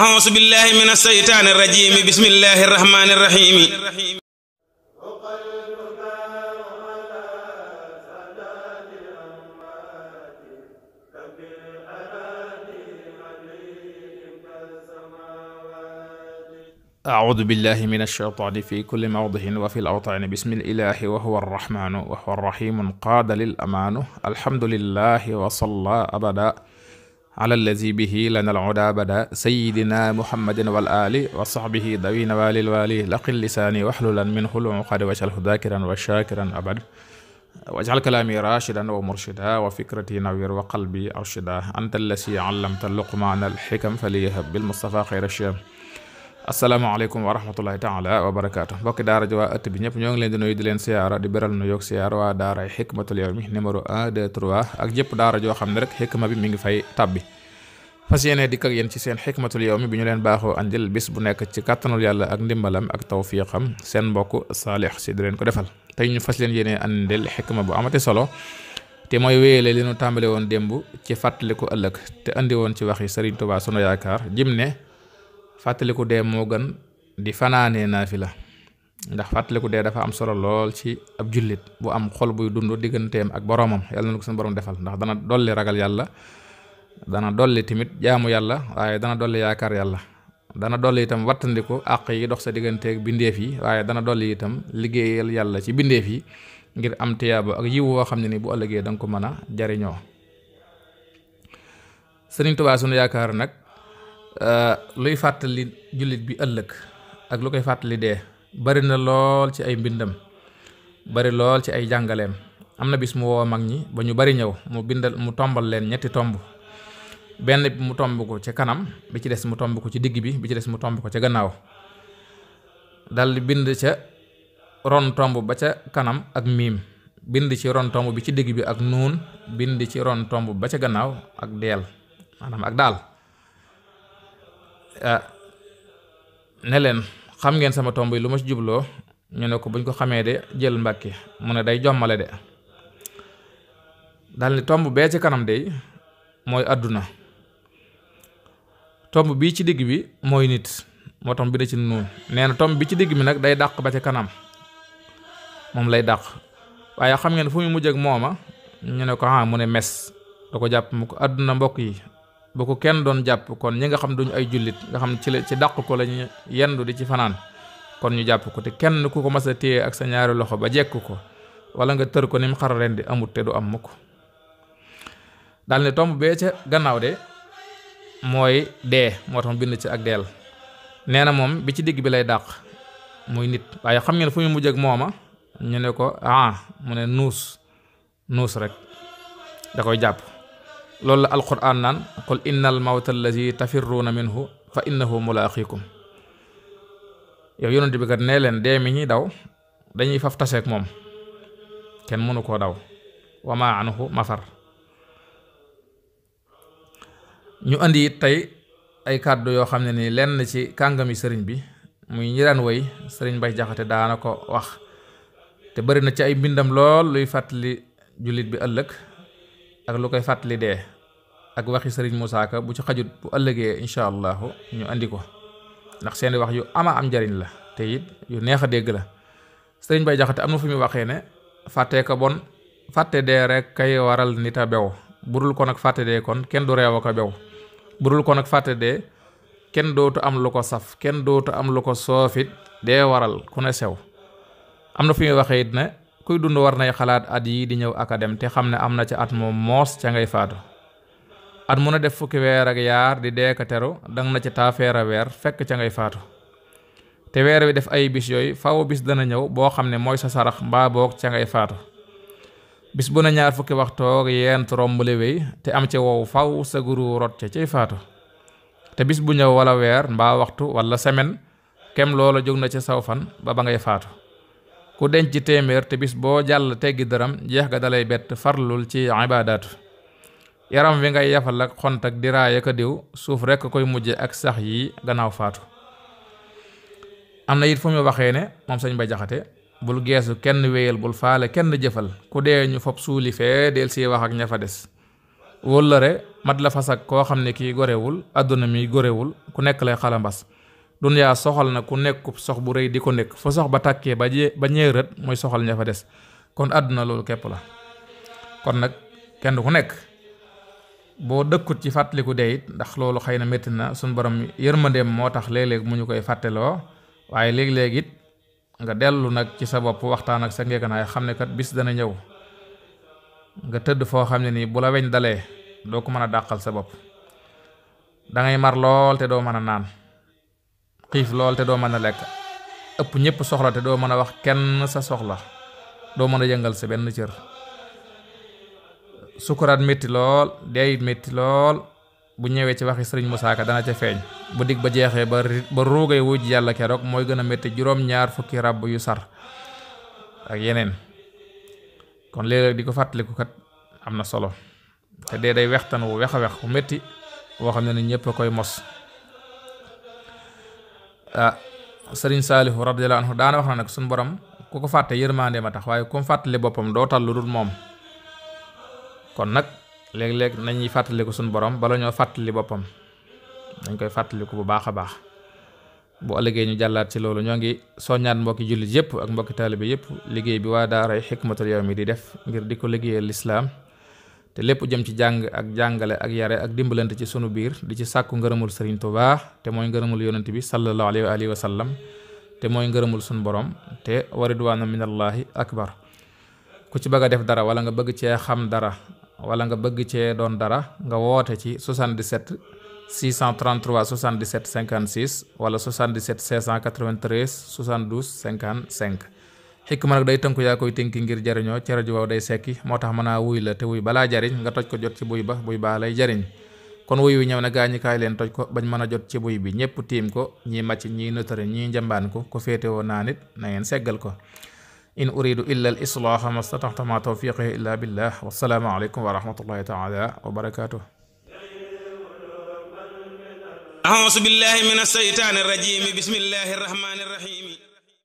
أعوذ بالله من الشيطان الرجيم بسم الله الرحمن الرحيم أعوذ بالله من الشيطان في كل موضع وفي الأوطان بسم الإله وهو الرحمن وهو الرحيم قاد للأمان الحمد لله وصلى أبدا ala allazi bihi lana al-huda bada sayyidina muhammadin wal ali wa sahbihi dawina walil wali laqil lisaani waxlulan min xulum qad waj'alhu dhakiran wa shakiran abad waj'al kalami rashidan wa murshida wa fikrati nawir wa qalbi arshida anta allazi allamta luqmana al-hikam faliyahab bil mustafa khayra shiyam asalaamaaleykum wa rahmatullahi taala wa barakaatu mbokki daara ji waa ëtt bi ñëpp ñoo ngi leen di nuyu di leen siyaara di beral nu yoog siyaar waa daara xikmatul yawmi numéro 1 2 3 ak jëpp daara joo xam ne rek xikma bi mu ngi fay tabbi fas yéene dikk ak yéen ci seen xikmatul mi bi ñu leen baaxoo andil bis bu nekk ci kàttanul yàlla ak ndimbalam ak tawfiqam seen mbokk saalix si di leen ko defal tey ñu fas leen yéene andil xikma bu amati solo te mooy wéyale li nu woon démb ci fàttaliku ëllëg te andi woon ci waxi Sëriñ Tuubaa sunu yaakaar jim fàttaliku dee moo gën di fanaanee la ndax fàttaliku dee dafa am solo lool ci ab jullit bu am xol buy dund digganteem ak boroomam yàlla na ko seen boroom defal ndax dana dolli ragal yàlla dana dolli tamit jaamu yàlla waaye dana dolli yaakaar yàlla dana dolli itam wattandiku àq yi dox sa digganteeg bindeef yi waaye dana dolli itam liggéeyal yàlla ci bindeef yi ngir am tiyaaba ak yiw woo xam ne ni bu ëllëgee danga ko mën a jariñoo Sëriñ Tuubaa sunu yaakaar nag Euh, luy fàttali jullit bi ëllëg ak lu koy fàttali dee bari na lool ci ay mbindam bari lool ci ay jàngaleem am na bis mu woo mag ñi ba ñu bari ñëw mu bindal mu tombal leen ñetti tomb benn bi mu tomb ko ci kanam bi ci des mu tomb ko ci digg bi bi ci des mu tomb ko ca gannaaw daldi bind ca ron tomb ba ca kanam ak miim bind ci ron tomb bi ci digg bi ak nuun bind ci ron tomb ba ca gannaaw ak deel maanaam ak daal ah ne leen xam ngeen sama tomb yi lu ma ci jubloo ñu ne ko buñ ko xamee de jël mbàkki mu ne day jommale de daldi ni tomb bee ci kanam de mooy àdduna tomb bii ci digg bi mooy nit moo tomb bi da ci nuun nee tomb bi ci digg bi nag day dàq ba ci kanam moom lay dàq waaye xam ngeen fu mu mujj ak mooma ñu ne ko ah mu ne mes da ko jàpp mu ko àdduna mbokk yi ba ko kenn doon jàpp kon ñi nga xam duñu ay jullit nga xam ci la ci dàq ko lañu yendu di ci fanaan kon ñu jàpp ko te kenn ku ko mas a téye ak sa ñaari loxo ba jekk ko wala nga tër ko ni mu xar ren di amut te du am mukk daal ne tomb bee ca gannaaw de mooy dee moo tax bind ci ak deel nee na moom bi ci digg bi lay dàq muy nit waaye xam ngeen fu ñu mujj ak mooma ñu ne ko ah mu ne nuus nuus rek da koy jàpp loolu la alquran naan qul innal mawta allazi tafirruuna minhu fa innahu mulaaqikum yow yonent bi kat nee leen dee mi ñuy daw dañuy faf taseek moom kenn mënu koo daw wama anhu mafar ñu indi it tey ay kàddu yoo xam ne nii lenn ci kàngami sëriñ bi muy ñi daan woy sëriñ Mbay Jaxate daana ko wax te barina ci ay mbindam lool luy fàttali jullit bi ëllëg ak lu koy fàttali dee ak waxi sëriñ Moussa Ka bu ci xajut bu ëllëgee incha allahu ñu indi ko ndax seeni wax yu ama am njariñ la te it yu neex a dégg la sëriñ Bay Jaxate am na fu muy waxee ne fàttee ko bon fàtte dee rek kay waral nit a bew budul ko nag fàtte kon kenn du reew a bew budul ko nag fàtte dee kenn dootu am lu ko saf kenn dootu am lu ko soofit dee waral ku ne sew am na fu muy waxee it ne kuy dund war nay xalaat at yi di ñëw ak a dem te xam ne am na ca at moom moos ca ngay faatu at mu na def fukki weer ak yaar di deeka teru dang na ci taafeera weer fekk ca ngay faatu te weer wi def ay bis yooy faw bis dana ñëw boo xam ne mooy sa sarax mbaa boog ca ngay faatu bis bu na ñaar fukki waxtoog yeen trombale wéy te am ca wow faw sa guru rot ca cay faatu te bis bu ñëw wala weer mbaa waxtu wala semaine kem loola jóg na ci saw fan ba ba ngay ku denc téeméer te bis boo jàll teggi dërëm jeex nga dalay bett farlul ci ibaadaatu yaram wi ngay yafal ak xont ak diraaya ka diw suuf rekk koy mujje ak sax yi gannaaw faatu am na it fu mu waxee ne moom sëñ Bay Jaxate bul geesu kenn wéyal bul faale kenn jëfal ku dee ñu fob suuli fee del wax ak ña fa des wóllëre mat la fas koo xam ne kii gorewul àdduna mi gorewul ku nekk lay xalambas dunyaa soxal na ku nekkub sox bu rëy di ko nekk fa sox ba tàkkee ba jee ba ñee rët mooy soxal ña fa des kon àdduna loolu képp la kon nag kenn ku nekk boo dëkkut ci fàttaliku dee it ndax loolu xëy na métti na suñ borom yërmandeem moo tax léeg-léeg mu ñu koy fàtteloo waaye léeg-léeg nga dellu nag ci sa bopp waxtaan ak sa ngeeganaay xam ne kat bis dana ñëw nga tëdd foo xam ne nii bu la weñ dalee doo ko mën a dàqal sa bopp dangay mar lool doo mën a naan xiif lool te doo mën a lekk ëpp ñëpp soxla te doo mën a wax kenn sa soxla doo mën a yëngal sa benn cër sukuraat metti lool dee it métti lool bu ñëwee ci waxi sëriñ musaaka Ka dana ca feeñ bu dig ba jeexee ba ba ruugay wujj yàlla keroog mooy gën a métti juróom-ñaar fukki ràbb yu sar ak yeneen kon léeg di ko fàttaliku kat am na solo te dee day wextan wu wex a wex wu métti woo ne ni ñëpp a koy mos ah sëriñ saalihu radiyallahu anhu daana wax na nag suñu borom ku ko fàtte yërmande ma tax waaye ku fàttali boppam doo tal lu dul moom kon nag léeg-léeg nañuy fàttaliku suñu borom bala ñoo fàttali boppam dañ koy fàttaliku bu baax a baax boo ëllëgee ñu jàllaat ci loolu ñoo ngi soññaat mbokki jullit yëpp ak mbokki taalibe yëpp liggéey bi waa daaray xikmatul yawmi di def ngir di ko liggéeyal lislaam te lépp jëm ci jàng ak jàngale ak yare ak dimbalante ci sunu biir di ci sàkku ngërëmul sëriñ Tuubaa te mooy ngërëmul yonent bi sallallahu alayhi wa alihi wa te mooy ngërëmul sunu borom te wa ridwaanu minallaahi akbar ku ci bëgg a def dara wala nga bëgg cee xam dara wala nga bëgg cee doon dara nga woote ci 77 633 77 56 wala 77 693 72 55 xikma nag day tënku yaa koy tënki ngir jariñoo ceraju waaw day sekki moo tax mën a wuy la te wuy balaa jariñ nga toj ko jot ci buy ba buy baa lay jariñ kon wuy wi ñëw na gaa ñi kaay leen toj ko bañ mën a jot ci buy bi ñëpp tiim ko ñii màcc ñii notari ñii njambaan ko ko féetewoo naa nit na seggal ko in uridu illa al islaaha mastataxta ma tawfiqihi illa billah wassalaamu aleykum wa rahmatullahi wa barakatuh أعوذ بالله من الشيطان الرجيم بسم الله